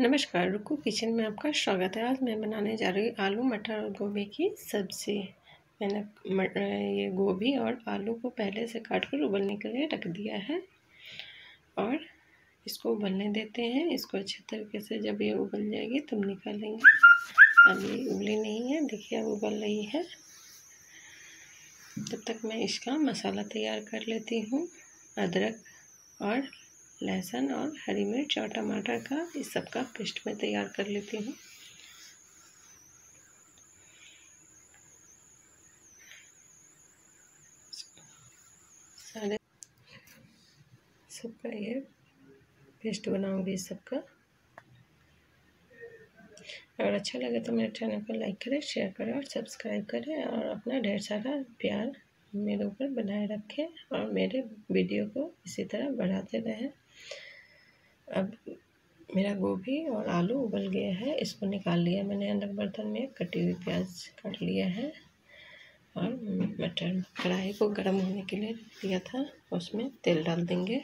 नमस्कार रुकू किचन में आपका स्वागत है आज मैं बनाने जा रही हूँ आलू मटर और गोभी की सब्ज़ी मैंने ये गोभी और आलू को पहले से काट कर उबलने के लिए रख दिया है और इसको उबलने देते हैं इसको अच्छे तरीके से जब ये उबल जाएगी तब निकालेंगे अभी उबली नहीं है देखिए अब उबल रही है तब तक मैं इसका मसाला तैयार कर लेती हूँ अदरक और लहसुन और हरी मिर्च और टमाटर का इस सब का पेस्ट मैं तैयार कर लेती हूँ सारे सबका ये पेस्ट बनाऊंगी इस सबका अगर अच्छा लगे तो मेरे चैनल को लाइक करें शेयर करें और सब्सक्राइब करें और अपना ढेर सारा प्यार मेरे ऊपर बनाए रखें और मेरे वीडियो को इसी तरह बढ़ाते रहें अब मेरा गोभी और आलू उबल गया है इसको निकाल लिया मैंने अंदर बर्तन में कटी हुई प्याज काट लिया है और मटर कढ़ाई को गर्म होने के लिए दिया था उसमें तेल डाल देंगे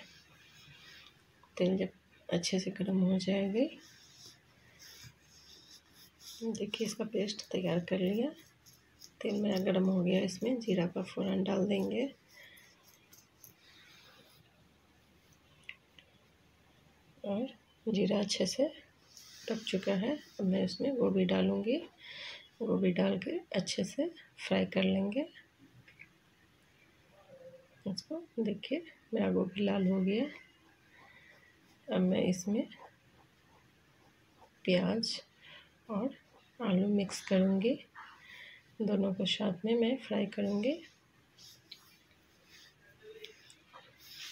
तेल जब अच्छे से गर्म हो जाएगी देखिए इसका पेस्ट तैयार कर लिया तेल मेरा गर्म हो गया इसमें जीरा का फ़ौरन डाल देंगे और जीरा अच्छे से पक चुका है अब मैं इसमें गोभी डालूँगी गोभी डाल के अच्छे से फ्राई कर लेंगे इसको देखिए मेरा गोभी लाल हो गया अब मैं इसमें प्याज और आलू मिक्स करूँगी दोनों को साथ में मैं फ्राई करूँगी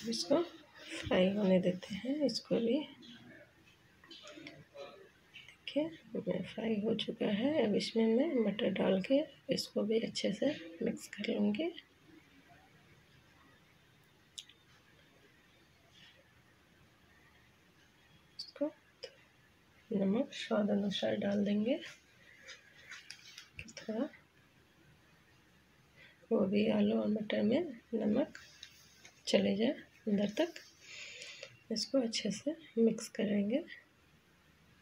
इसको फ्राई होने देते हैं इसको भी देखिए फ्राई हो चुका है अब इसमें मैं मटर डाल के इसको भी अच्छे से मिक्स कर लूँगी इसको नमक स्वाद अनुसार डाल देंगे थोड़ा वो भी आलू और मटर में नमक चले जाए अंदर तक इसको अच्छे से मिक्स करेंगे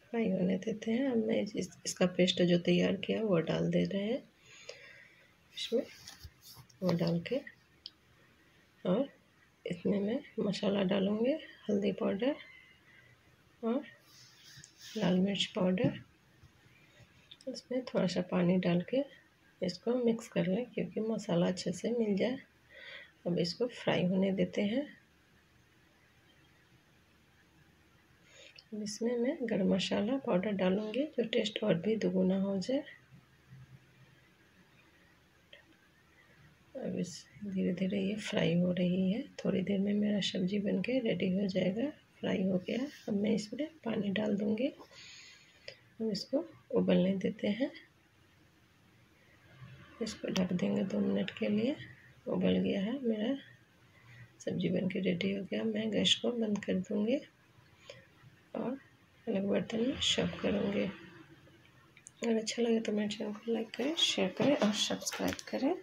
फ्राई होने देते हैं अब मैं इस, इसका पेस्ट जो तैयार किया वो डाल दे रहे हैं इसमें वो डाल के और इसमें मैं मसाला डालूँगी हल्दी पाउडर और लाल मिर्च पाउडर इसमें थोड़ा सा पानी डाल के इसको मिक्स कर लें क्योंकि मसाला अच्छे से मिल जाए अब इसको फ्राई होने देते हैं अब इसमें मैं गर्म मसाला पाउडर डालूँगी जो टेस्ट और भी दुगुना हो जाए अब इस धीरे धीरे ये फ्राई हो रही है थोड़ी देर में मेरा सब्ज़ी बन के रेडी हो जाएगा फ्राई हो गया अब मैं इसमें पानी डाल दूँगी हम इसको उबलने देते हैं इसको ढक देंगे दो मिनट के लिए उबल गया है मेरा सब्ज़ी बन के रेडी हो गया मैं गैस को बंद कर दूँगी अलग बर्तन तो में शर्व करूँगी अगर अच्छा लगे तो मेरे चैनल को लाइक करें शेयर करें और सब्सक्राइब करें